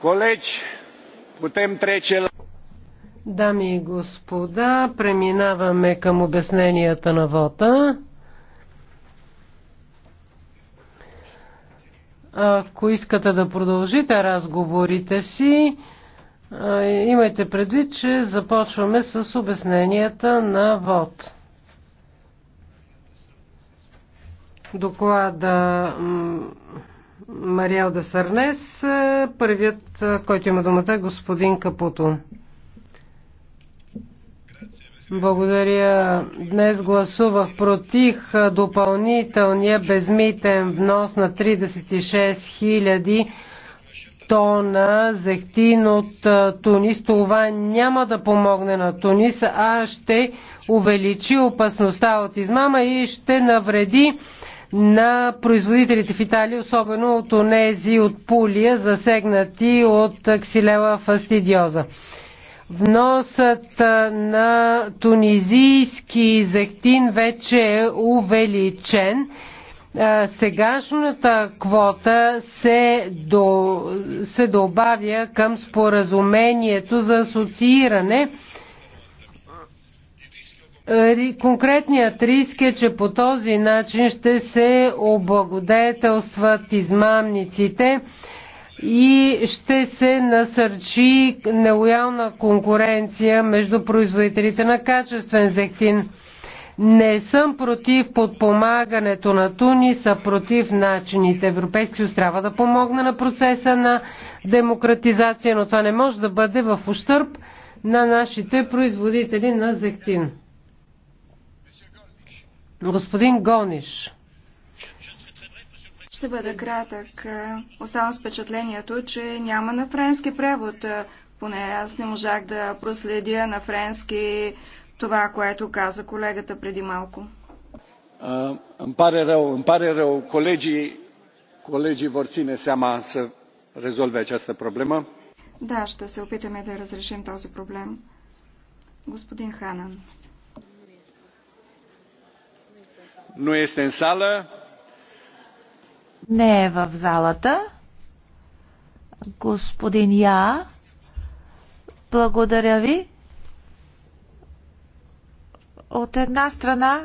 Колеги, putem trece Дами и господа, преминаваме към обясненията на вота. Ако искате да продължите разговорите си, имайте предвид, че започваме с обясненията на вод. Доклада Мариел Сърнес. Е, първият, е, който има думата, е господин Капуто. Благодаря. Днес гласувах против е, допълнителния безмитен внос на 36 000 тона зехтин от Тунис. Това няма да помогне на Тунис, а ще увеличи опасността от измама и ще навреди на производителите в Италия, особено от онези от Пулия, засегнати от ксилела фастидиоза. Вносът на тунизийски зехтин вече е увеличен. Сегашната квота се, до, се добавя към споразумението за асоцииране Конкретният риск е, че по този начин ще се облагодетелстват измамниците и ще се насърчи нелоялна конкуренция между производителите на качествен зехтин. Не съм против подпомагането на Тунис, а против начините. Европейски съюз трябва да помогне на процеса на демократизация, но това не може да бъде в ущърп на нашите производители на зехтин. Господин Гониш. Ще бъда кратък. Оставам с впечатлението, че няма на френски превод. Поне аз не можах да проследя на френски това, което каза колегата преди малко. А, îmi pare колеги, îmi pare rău. Colegii, colegii vor Да, ще се опитаме да разрешим този проблем. Господин Ханан. nu este în sală. Не е в залата. Господин Я, благодаря ви. От една страна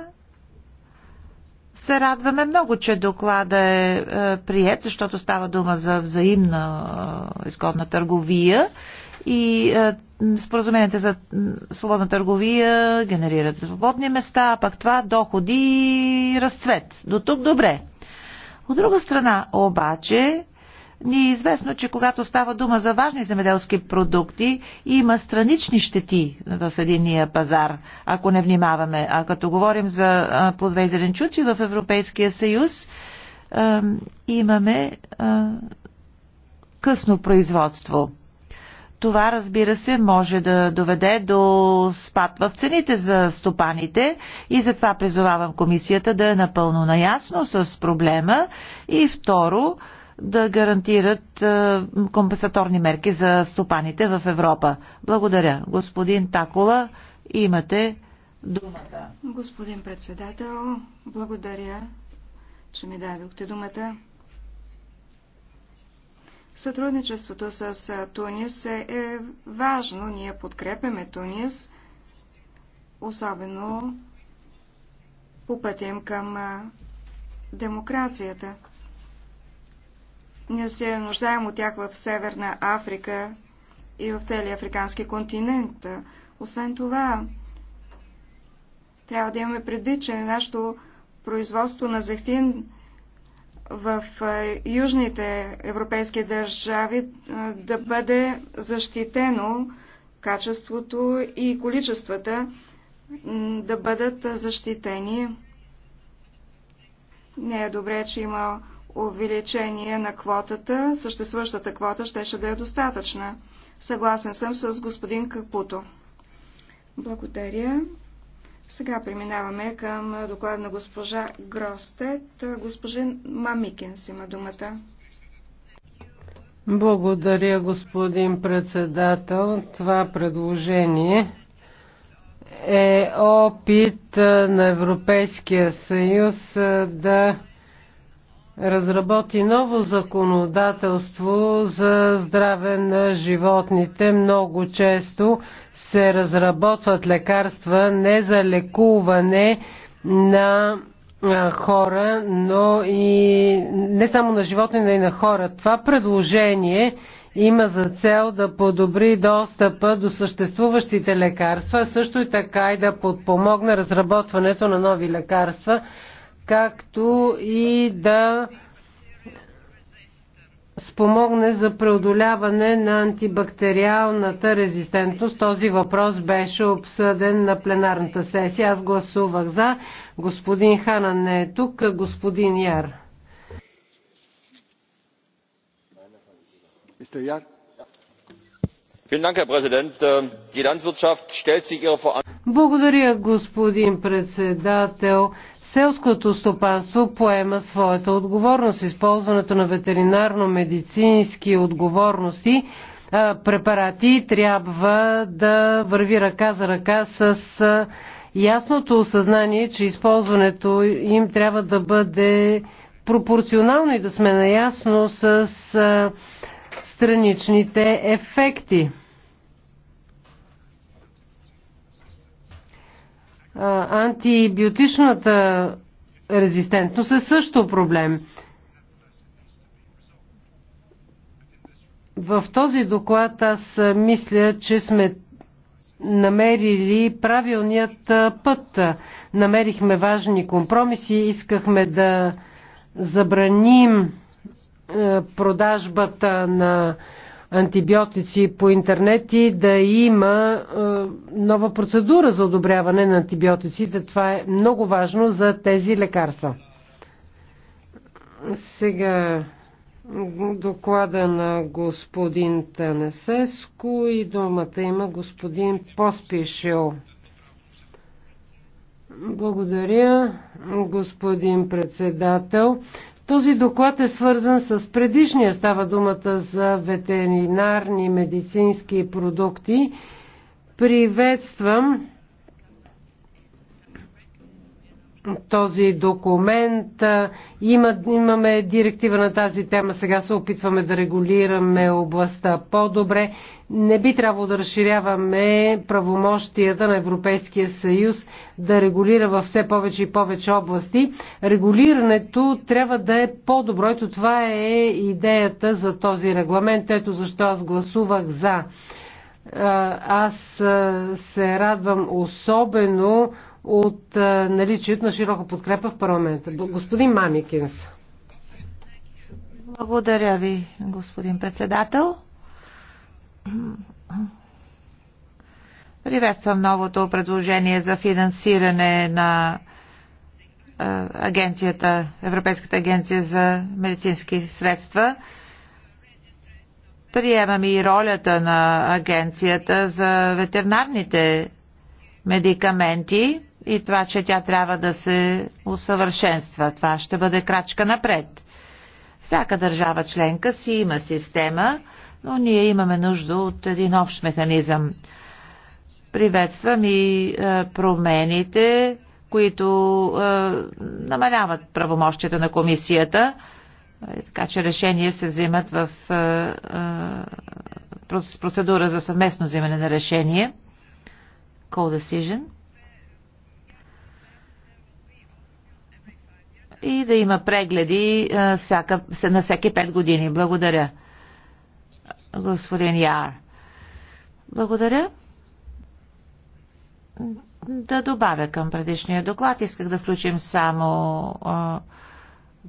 се радваме много, че доклада е, е прият, защото става дума за взаимна е, изгодна търговия и е, споразумените за свободна търговия генерират свободни места, а пък това доходи и разцвет. До тук добре. От друга страна, обаче, ни е известно, че когато става дума за важни земеделски продукти, има странични щети в единия пазар, ако не внимаваме. А като говорим за плодове и зеленчуци в Европейския съюз, имаме късно производство. Това, разбира се, може да доведе до спад в цените за стопаните и затова призовавам комисията да е напълно наясно с проблема и второ да гарантират е, компенсаторни мерки за стопаните в Европа. Благодаря. Господин Такола, имате думата. Господин председател, благодаря, че ми дадохте думата. Сътрудничеството с Тунис е, е важно. Ние подкрепяме Тунис, особено по пътя им към демокрацията. Ние се нуждаем от тях в Северна Африка и в целия африкански континент. Освен това, трябва да имаме предвид, че нашето производство на зехтин в южните европейски държави да бъде защитено качеството и количествата да бъдат защитени. Не е добре, че има увеличение на квотата. Съществуващата квота ще, ще да е достатъчна. Съгласен съм с господин Капуто. Благодаря. Сега преминаваме към доклад на госпожа Гростет. Госпожин Мамикенс има думата. Благодаря, господин председател. Това предложение е опит на Европейския съюз да разработи ново законодателство за здраве на животните. Много често се разработват лекарства не за лекуване на хора, но и не само на животни, но и на хора. Това предложение има за цел да подобри достъпа до съществуващите лекарства, също и така и да подпомогне разработването на нови лекарства както и да спомогне за преодоляване на антибактериалната резистентност. Този въпрос беше обсъден на пленарната сесия. Аз гласувах за. Господин Хана не е тук. Господин Яр. Äh, Благодаря, господин председател. Селското стопанство поема своята отговорност. Използването на ветеринарно-медицински отговорности препарати трябва да върви ръка за ръка с ясното осъзнание, че използването им трябва да бъде пропорционално и да сме наясно с страничните ефекти. антибиотичната резистентност е също проблем. В този доклад аз мисля, че сме намерили правилният път. Намерихме важни компромиси, искахме да забраним продажбата на антибиотици по интернет и да има е, нова процедура за одобряване на антибиотиците. Това е много важно за тези лекарства. Сега доклада на господин Танесеско и думата има господин Поспишил. Благодаря, господин председател. Този доклад е свързан с предишния. Става думата за ветеринарни медицински продукти. Приветствам този документ. Има, имаме директива на тази тема, сега се опитваме да регулираме областта по-добре. Не би трябвало да разширяваме правомощията на Европейския съюз да регулира във все повече и повече области. Регулирането трябва да е по-добро. Ето това е идеята за този регламент. Ето защо аз гласувах за. Аз се радвам особено от наличието на широка подкрепа в парламента. Господин Мамикинс. Благодаря ви, господин председател. Приветствам новото предложение за финансиране на агенцията, Европейската агенция за медицински средства. Приемам и ролята на агенцията за ветеринарните медикаменти и това, че тя трябва да се усъвършенства. Това ще бъде крачка напред. Всяка държава членка си има система, но ние имаме нужда от един общ механизъм. Приветствам и е, промените, които е, намаляват правомощията на комисията, е, така че решения се взимат в процедура за съвместно взимане на решение. Call decision. и да има прегледи всяка, на всеки 5 години. Благодаря, господин Яр. Благодаря. Да добавя към предишния доклад, исках да включим само а,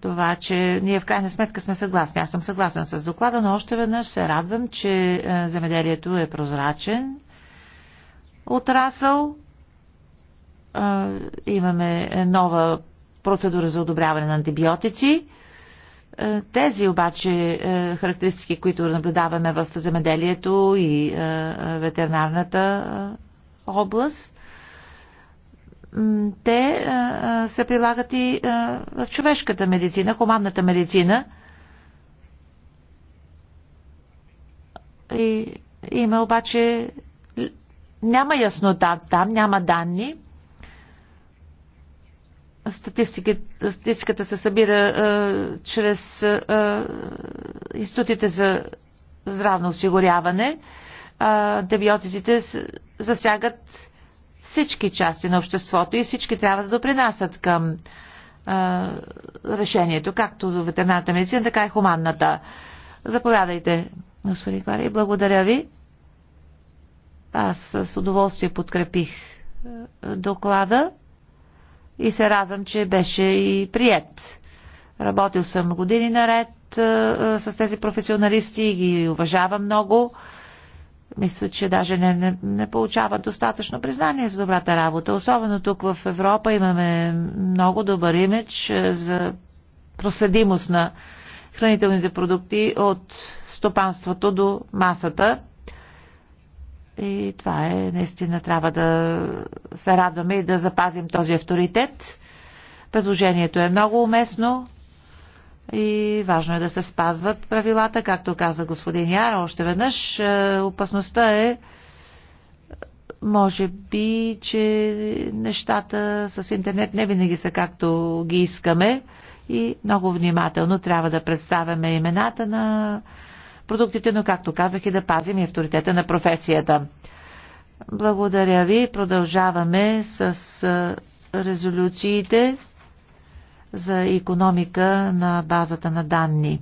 това, че ние в крайна сметка сме съгласни. Аз съм съгласен с доклада, но още веднъж се радвам, че а, земеделието е прозрачен отрасъл. А, имаме нова процедура за одобряване на антибиотици. Е, тези обаче е, характеристики, които наблюдаваме в земеделието и е, ветеринарната област, те се прилагат и в човешката медицина, хуманната медицина. И има обаче няма яснота там, няма данни статистиката, статистиката се събира а, чрез а, институтите за здравно осигуряване. А, антибиотиците засягат всички части на обществото и всички трябва да допринасят към а, решението, както ветеринарната медицина, така и хуманната. Заповядайте, господин Квари, благодаря ви. Аз с удоволствие подкрепих доклада и се радвам, че беше и прият. Работил съм години наред а, е, е, с тези професионалисти и ги уважавам много. Мисля, че даже не, не, не получават достатъчно признание за добрата работа. Особено тук в Европа имаме много добър имидж е, за проследимост на хранителните продукти от стопанството до масата. И това е, наистина трябва да се радваме и да запазим този авторитет. Предложението е много уместно и важно е да се спазват правилата, както каза господин Яра още веднъж. Е, опасността е, може би, че нещата с интернет не винаги са както ги искаме и много внимателно трябва да представяме имената на продуктите, но както казах и да пазим и авторитета на професията. Благодаря ви. Продължаваме с резолюциите за економика на базата на данни.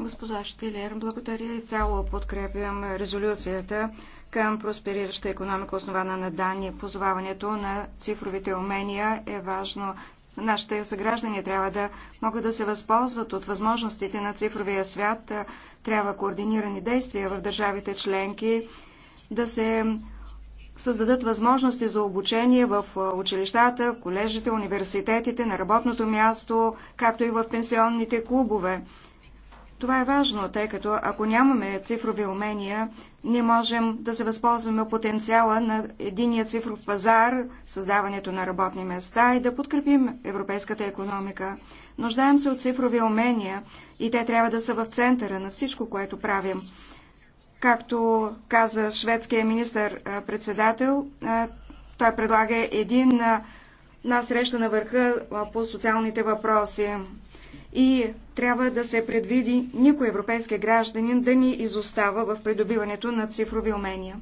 Госпожа Штилер, благодаря и цяло подкрепям резолюцията към просперираща економика, основана на данни. Позоваването на цифровите умения е важно Нашите съграждани трябва да могат да се възползват от възможностите на цифровия свят. Трябва координирани действия в държавите членки, да се създадат възможности за обучение в училищата, колежите, университетите, на работното място, както и в пенсионните клубове. Това е важно, тъй като ако нямаме цифрови умения, ние можем да се възползваме потенциала на единия цифров пазар, създаването на работни места и да подкрепим европейската економика. Нуждаем се от цифрови умения и те трябва да са в центъра на всичко, което правим. Както каза шведския министър-председател, той предлага един на среща на върха по социалните въпроси и трябва да се предвиди никой европейски гражданин да ни изостава в придобиването на цифрови умения.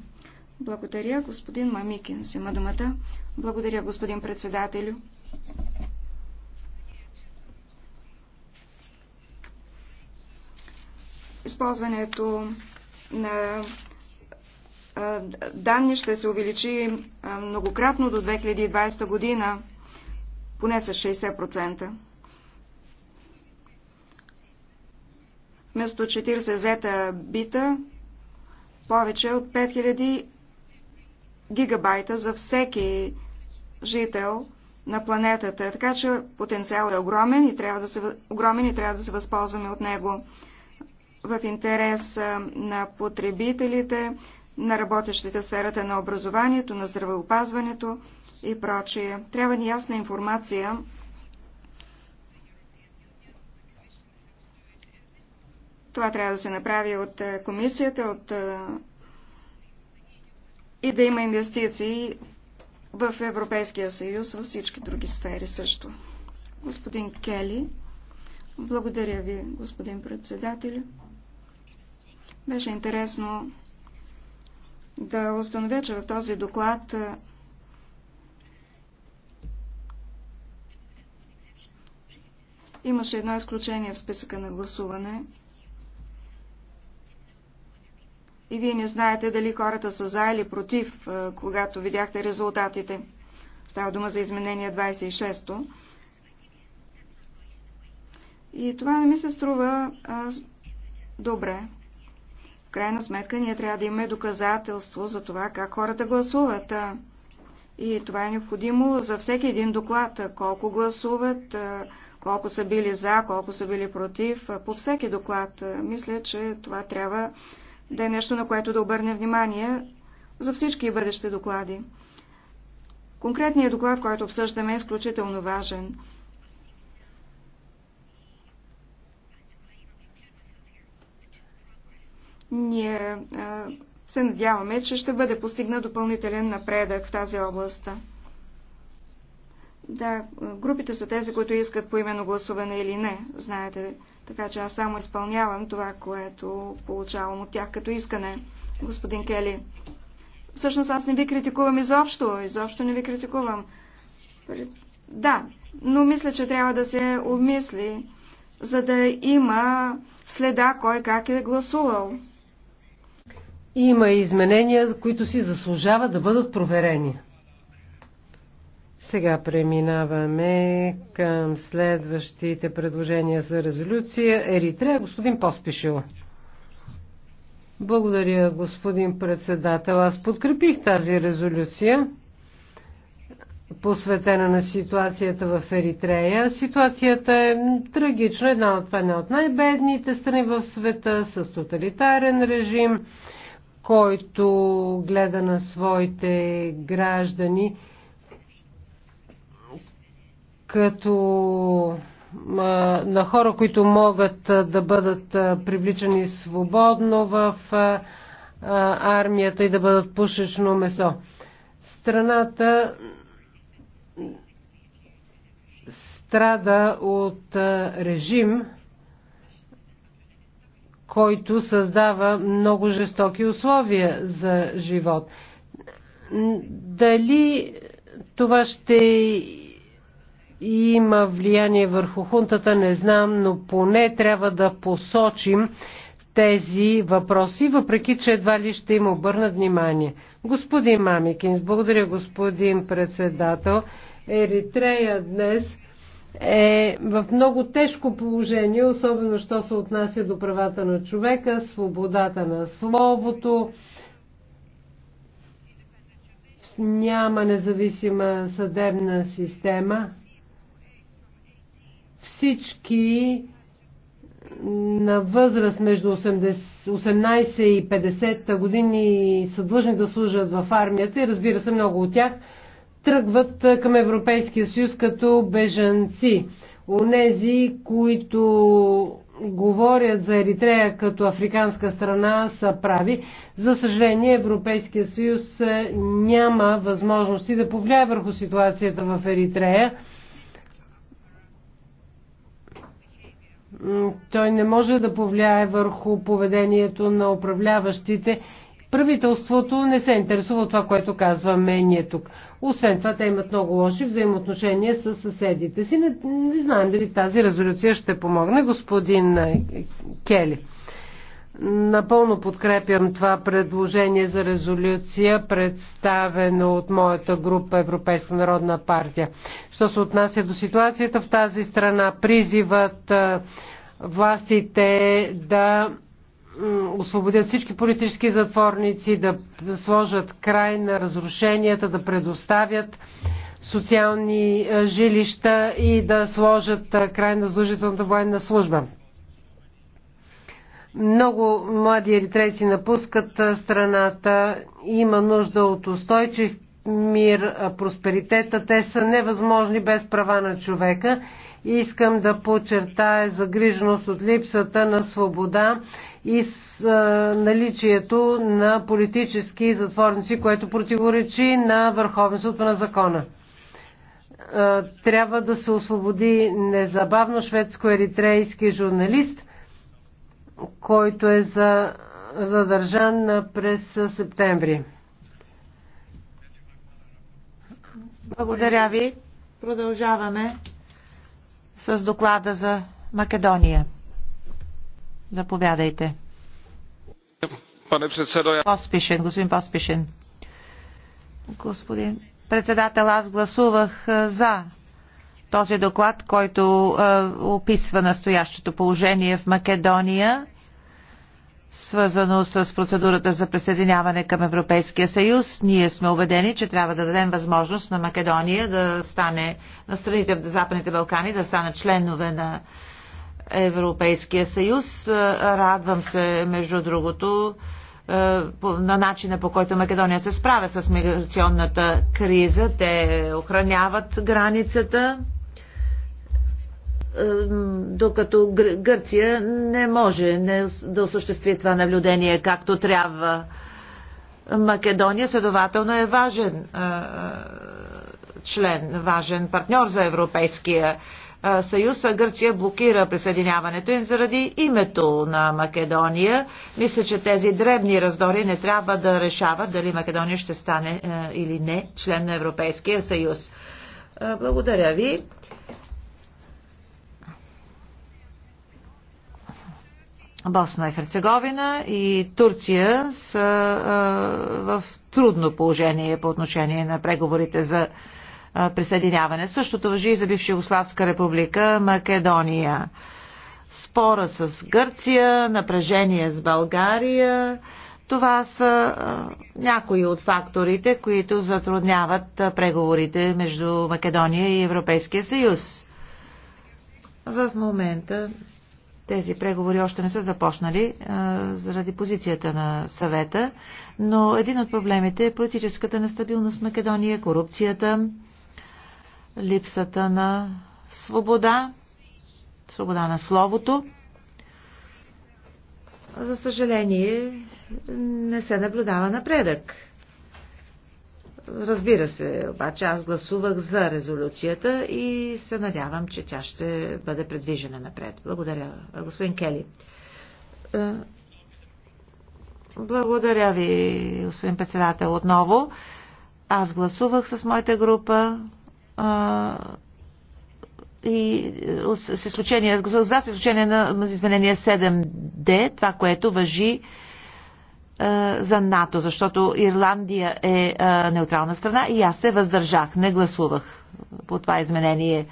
Благодаря, господин Мамикин. Има думата. Благодаря, господин председателю. Използването на данни ще се увеличи многократно до 2020 година, поне с 60%. вместо 40 зета бита, повече от 5000 гигабайта за всеки жител на планетата. Така че потенциал е огромен и трябва да се, огромен и трябва да се възползваме от него в интерес на потребителите, на работещите сферата на образованието, на здравеопазването и прочие. Трябва ни ясна информация Това трябва да се направи от е, комисията от, е, и да има инвестиции в Европейския съюз, във всички други сфери също. Господин Кели, благодаря ви, господин председател. Беше интересно да установя, че в този доклад е, имаше едно изключение в списъка на гласуване – и вие не знаете дали хората са за или против, когато видяхте резултатите. Става дума за изменение 26-то. И това не ми се струва а, добре. В крайна сметка ние трябва да имаме доказателство за това как хората гласуват. А. И това е необходимо за всеки един доклад. Колко гласуват, колко са били за, колко са били против. По всеки доклад. Мисля, че това трябва да е нещо, на което да обърне внимание за всички бъдещи доклади. Конкретният доклад, който обсъждаме, е изключително важен. Ние се надяваме, че ще бъде постигна допълнителен напредък в тази област. Да, групите са тези, които искат по именно гласуване или не, знаете. Така че аз само изпълнявам това, което получавам от тях като искане, господин Кели. Всъщност аз не ви критикувам изобщо, изобщо не ви критикувам. Да, но мисля, че трябва да се обмисли, за да има следа кой как е гласувал. Има изменения, които си заслужава да бъдат проверени. Сега преминаваме към следващите предложения за резолюция. Еритрея, господин Поспишил. Благодаря, господин председател. Аз подкрепих тази резолюция, посветена на ситуацията в Еритрея. Ситуацията е трагична. Една от, е една от най-бедните страни в света, с тоталитарен режим, който гледа на своите граждани като на хора, които могат да бъдат привличани свободно в армията и да бъдат пушечно месо. Страната страда от режим, който създава много жестоки условия за живот. Дали това ще има влияние върху хунтата, не знам, но поне трябва да посочим тези въпроси, въпреки че едва ли ще им обърна внимание. Господин Мамикинс, благодаря господин председател. Еритрея днес е в много тежко положение, особено що се отнася до правата на човека, свободата на словото. Няма независима съдебна система. Всички на възраст между 80, 18 и 50 години са длъжни да служат в армията и разбира се много от тях тръгват към Европейския съюз като бежанци. Онези, които говорят за Еритрея като африканска страна са прави. За съжаление Европейския съюз няма възможности да повлияе върху ситуацията в Еритрея. Той не може да повлияе върху поведението на управляващите. Правителството не се интересува от това, което казваме ние тук. Освен това, те имат много лоши взаимоотношения с съседите си. Не, не знаем дали тази резолюция ще помогне, господин е, Кели. Напълно подкрепям това предложение за резолюция, представено от моята група Европейска народна партия. Що се отнася до ситуацията в тази страна, призивът властите да освободят всички политически затворници, да сложат край на разрушенията, да предоставят социални жилища и да сложат край на служителната военна служба. Много млади еритрейци напускат страната. Има нужда от устойчив мир, просперитета. Те са невъзможни без права на човека. И искам да подчертая загриженост от липсата на свобода и с, а, наличието на политически затворници, което противоречи на върховенството на закона. А, трябва да се освободи незабавно шведско-еритрейски журналист който е за, задържан през септември. Благодаря ви. Продължаваме с доклада за Македония. Заповядайте. Пане я... Поспишен, господин Поспишен. Господин председател, аз гласувах е, за този доклад, който е, описва настоящото положение в Македония свързано с процедурата за присъединяване към Европейския съюз. Ние сме убедени, че трябва да дадем възможност на Македония да стане, на страните в Западните Балкани да стане членове на Европейския съюз. Е, радвам се, между другото, е, на начина по който Македония се справя с миграционната криза. Те охраняват границата докато Гърция не може не, да осъществи това наблюдение както трябва. Македония следователно е важен е, е, член, важен партньор за Европейския е, съюз, а Гърция блокира присъединяването им заради името на Македония. Мисля, че тези дребни раздори не трябва да решават дали Македония ще стане или не член на Европейския съюз. Благодаря ви. Босна и Херцеговина и Турция са в трудно положение по отношение на преговорите за присъединяване. Същото въжи и за бивша Югославска република Македония. Спора с Гърция, напрежение с България. Това са някои от факторите, които затрудняват преговорите между Македония и Европейския съюз. В момента тези преговори още не са започнали заради позицията на съвета, но един от проблемите е политическата нестабилност в Македония, корупцията, липсата на свобода, свобода на словото. За съжаление, не се наблюдава напредък Разбира се, обаче аз гласувах за резолюцията и се надявам, че тя ще бъде предвижена напред. Благодаря, господин Кели. Е, благодаря ви, господин председател, отново. Аз гласувах с моята група и с изключение, за с изключение на изменение 7D, това, което въжи е, за НАТО, защото Ирландия е, е неутрална страна и аз се въздържах, не гласувах по това изменение.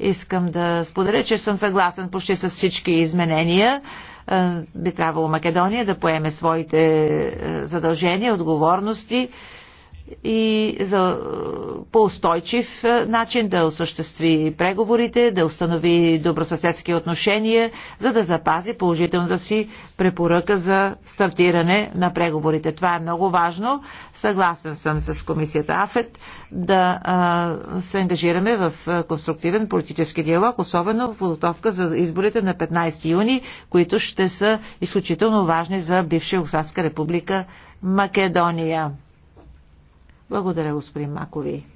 Искам да споделя, че съм съгласен почти с всички изменения. Е, би трябвало Македония да поеме своите задължения, отговорности и за е, по-устойчив е, начин да осъществи преговорите, да установи добросъседски отношения, за да запази положителната си препоръка за стартиране на преговорите. Това е много важно. Съгласен съм с комисията АФЕТ да е, се ангажираме в конструктивен политически диалог, особено в подготовка за изборите на 15 юни, които ще са изключително важни за бивша Югославска република Македония. Благодаря, господин Макови.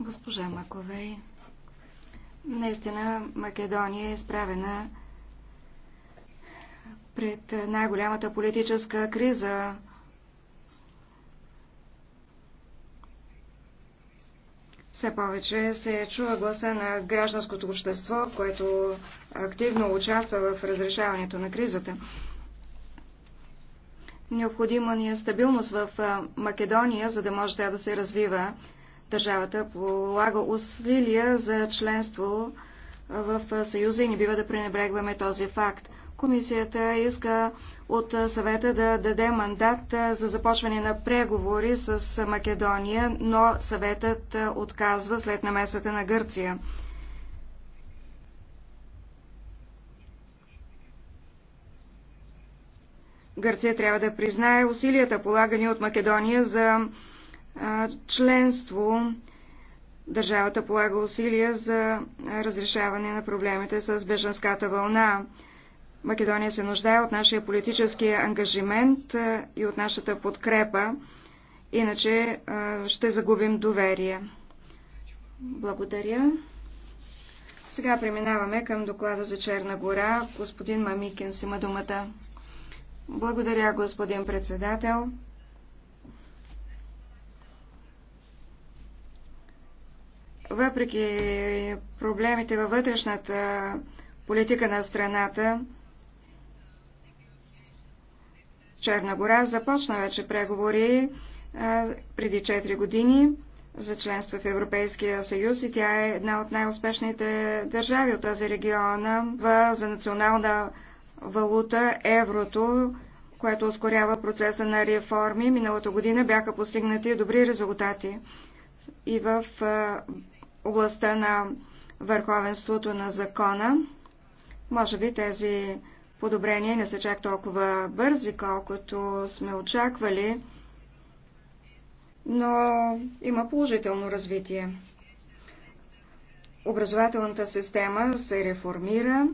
Госпожа Маковей, наистина Македония е изправена пред най-голямата политическа криза Все повече се чува гласа на гражданското общество, което активно участва в разрешаването на кризата. Необходима ни е стабилност в Македония, за да може тя да се развива. Държавата полага усилия за членство в Съюза и не бива да пренебрегваме този факт. Комисията иска от съвета да даде мандат за започване на преговори с Македония, но съветът отказва след намесата на Гърция. Гърция трябва да признае усилията, полагани от Македония за членство. Държавата полага усилия за разрешаване на проблемите с беженската вълна. Македония се нуждае от нашия политически ангажимент и от нашата подкрепа, иначе ще загубим доверие. Благодаря. Сега преминаваме към доклада за Черна гора. Господин си има думата. Благодаря, господин председател. Въпреки проблемите във вътрешната политика на страната, Черна гора започна вече преговори а, преди 4 години за членство в Европейския съюз и тя е една от най-успешните държави от този регион за национална валута еврото, което ускорява процеса на реформи. Миналата година бяха постигнати добри резултати и в областта на върховенството на закона. Може би тези подобрения не са чак толкова бързи, колкото сме очаквали, но има положително развитие. Образователната система се реформира,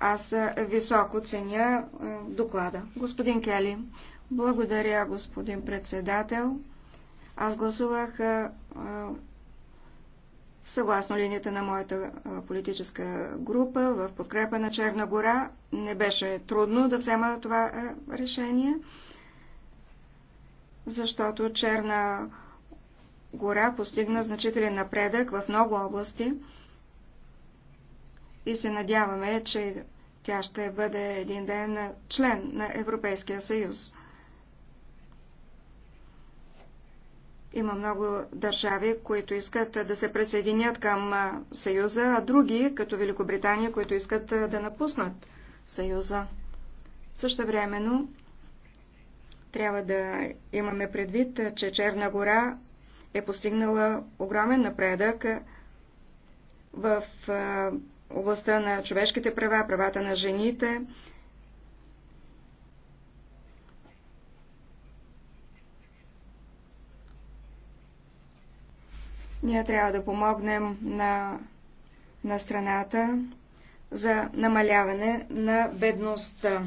аз високо ценя доклада. Господин Кели, благодаря, господин председател. Аз гласувах съгласно линията на моята политическа група в подкрепа на Черна гора. Не беше трудно да взема това решение, защото Черна гора постигна значителен напредък в много области и се надяваме, че тя ще бъде един ден член на Европейския съюз. Има много държави, които искат да се присъединят към Съюза, а други, като Великобритания, които искат да напуснат Съюза. Също времено трябва да имаме предвид, че Черна гора е постигнала огромен напредък в областта на човешките права, правата на жените. Ние трябва да помогнем на, на страната за намаляване на бедността.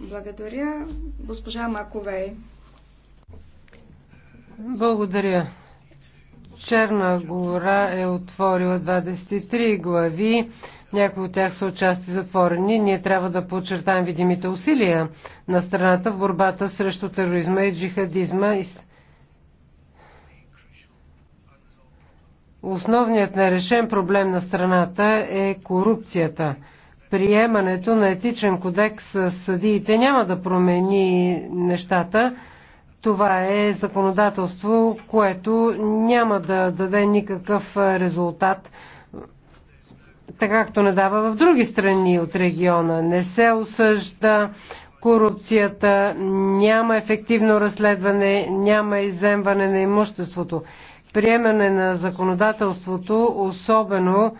Благодаря, госпожа Маковей. Благодаря, Черна гора е отворила 23 глави, някои от тях са отчасти затворени. Ние трябва да подчертаем видимите усилия на страната в борбата срещу тероризма и джихадизма. Основният нерешен проблем на страната е корупцията. Приемането на етичен кодекс с съдиите няма да промени нещата това е законодателство, което няма да даде никакъв резултат, така както не дава в други страни от региона. Не се осъжда корупцията, няма ефективно разследване, няма иземване на имуществото. Приемане на законодателството, особено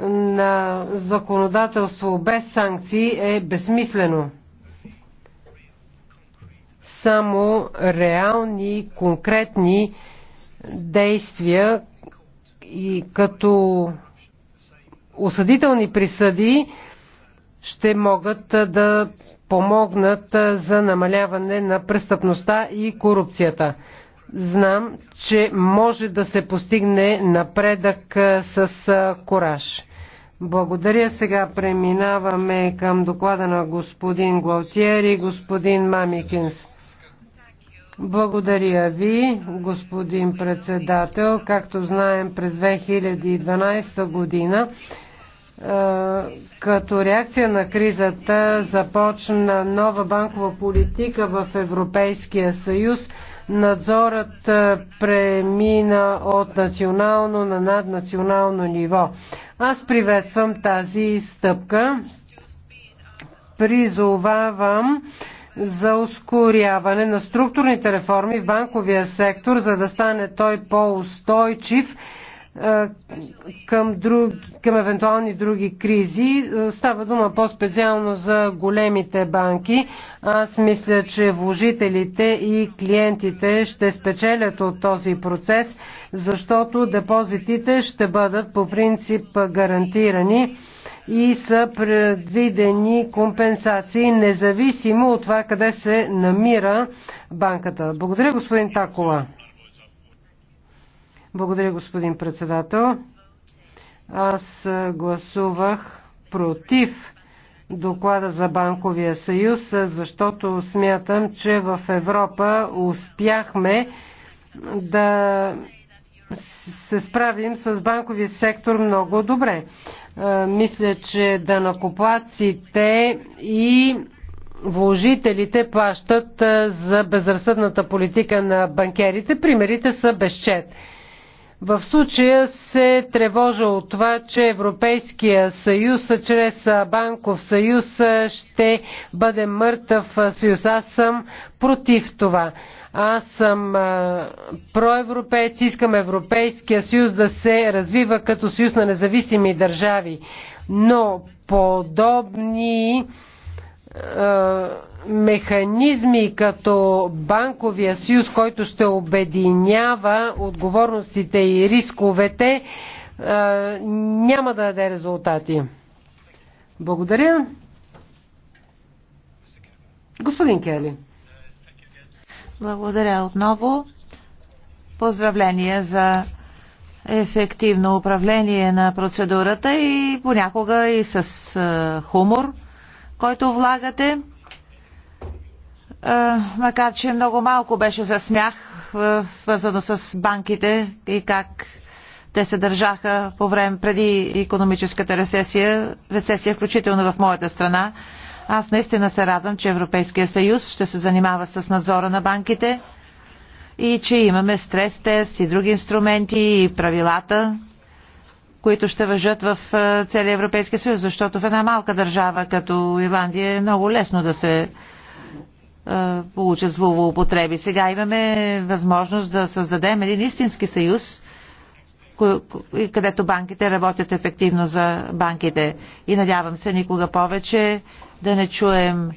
на законодателство без санкции, е безсмислено само реални, конкретни действия и като осъдителни присъди ще могат да помогнат за намаляване на престъпността и корупцията. Знам, че може да се постигне напредък с кораж. Благодаря. Сега преминаваме към доклада на господин Гуалтиер и господин Мамикинс. Благодаря ви, господин председател. Както знаем, през 2012 година като реакция на кризата започна нова банкова политика в Европейския съюз. Надзорът премина от национално на наднационално ниво. Аз приветствам тази стъпка. Призовавам за ускоряване на структурните реформи в банковия сектор, за да стане той по-устойчив е, към, друг, към евентуални други кризи. Е, става дума по-специално за големите банки. Аз мисля, че вложителите и клиентите ще спечелят от този процес, защото депозитите ще бъдат по принцип гарантирани и са предвидени компенсации, независимо от това къде се намира банката. Благодаря, господин Такова. Благодаря, господин председател. Аз гласувах против доклада за Банковия съюз, защото смятам, че в Европа успяхме да се справим с банковия сектор много добре. Е, мисля, че данакоплаците и вложителите плащат е, за безразсъдната политика на банкерите. Примерите са безчет. В случая се тревожа от това, че Европейския съюз чрез банков съюз ще бъде мъртъв съюз. Аз съм против това. Аз съм проевропеец, искам Европейския съюз да се развива като съюз на независими държави. Но подобни е, механизми като банковия съюз, който ще обединява отговорностите и рисковете, е, няма да даде резултати. Благодаря. Господин Кели. Благодаря отново. Поздравления за ефективно управление на процедурата и понякога и с е, хумор който влагате. Е, макар, че много малко беше за смях, е, свързано с банките и как те се държаха по време преди економическата рецесия, рецесия включително в моята страна. Аз наистина се радвам, че Европейския съюз ще се занимава с надзора на банките и че имаме стрес тест и други инструменти и правилата, които ще въжат в е, целия Европейски съюз, защото в една малка държава като Ирландия е много лесно да се е, получат злоупотреби. Сега имаме възможност да създадем един истински съюз, където банките работят ефективно за банките. И надявам се никога повече да не чуем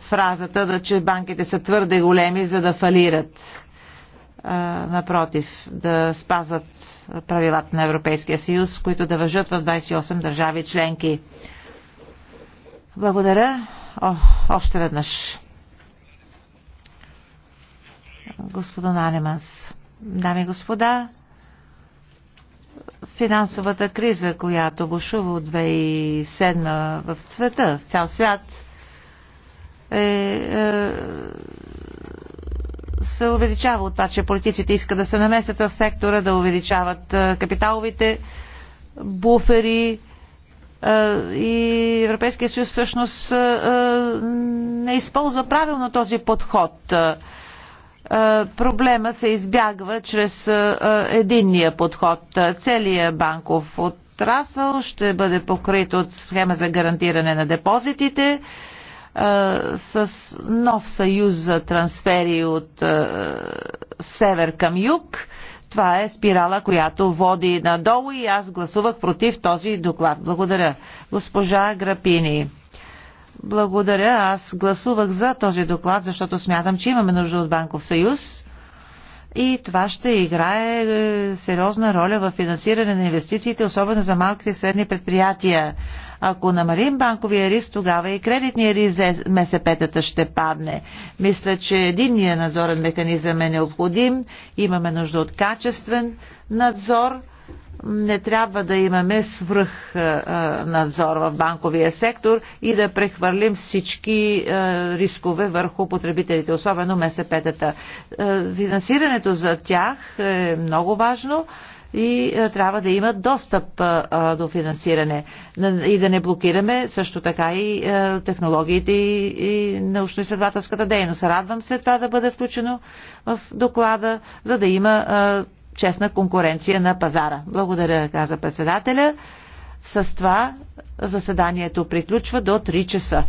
фразата, да, че банките са твърде големи, за да фалират. А, е, напротив, да спазват правилата на Европейския съюз, които да въжат в 28 държави членки. Благодаря О, още веднъж. Господин Анеманс, дами и господа, финансовата криза, която бушува от 2007 в света, в цял свят, е, е се увеличава от това, че политиците искат да се намесят в сектора, да увеличават капиталовите буфери и Европейския съюз всъщност не използва правилно този подход. Проблема се избягва чрез единния подход. Целият банков отрасъл ще бъде покрит от схема за гарантиране на депозитите с нов съюз за трансфери от север към юг. Това е спирала, която води надолу и аз гласувах против този доклад. Благодаря. Госпожа Грапини. Благодаря. Аз гласувах за този доклад, защото смятам, че имаме нужда от Банков съюз и това ще играе е, сериозна роля в финансиране на инвестициите, особено за малките и средни предприятия. Ако намалим банковия риск, тогава и кредитния риск МСП-тата ще падне. Мисля, че единният надзорен механизъм е необходим. Имаме нужда от качествен надзор – не трябва да имаме свръх надзор в банковия сектор и да прехвърлим всички рискове върху потребителите, особено МСП-тата. Финансирането за тях е много важно и трябва да имат достъп до финансиране и да не блокираме също така и технологиите и научно-изследователската дейност. Радвам се това да бъде включено в доклада, за да има честна конкуренция на пазара. Благодаря, каза председателя. С това заседанието приключва до 3 часа.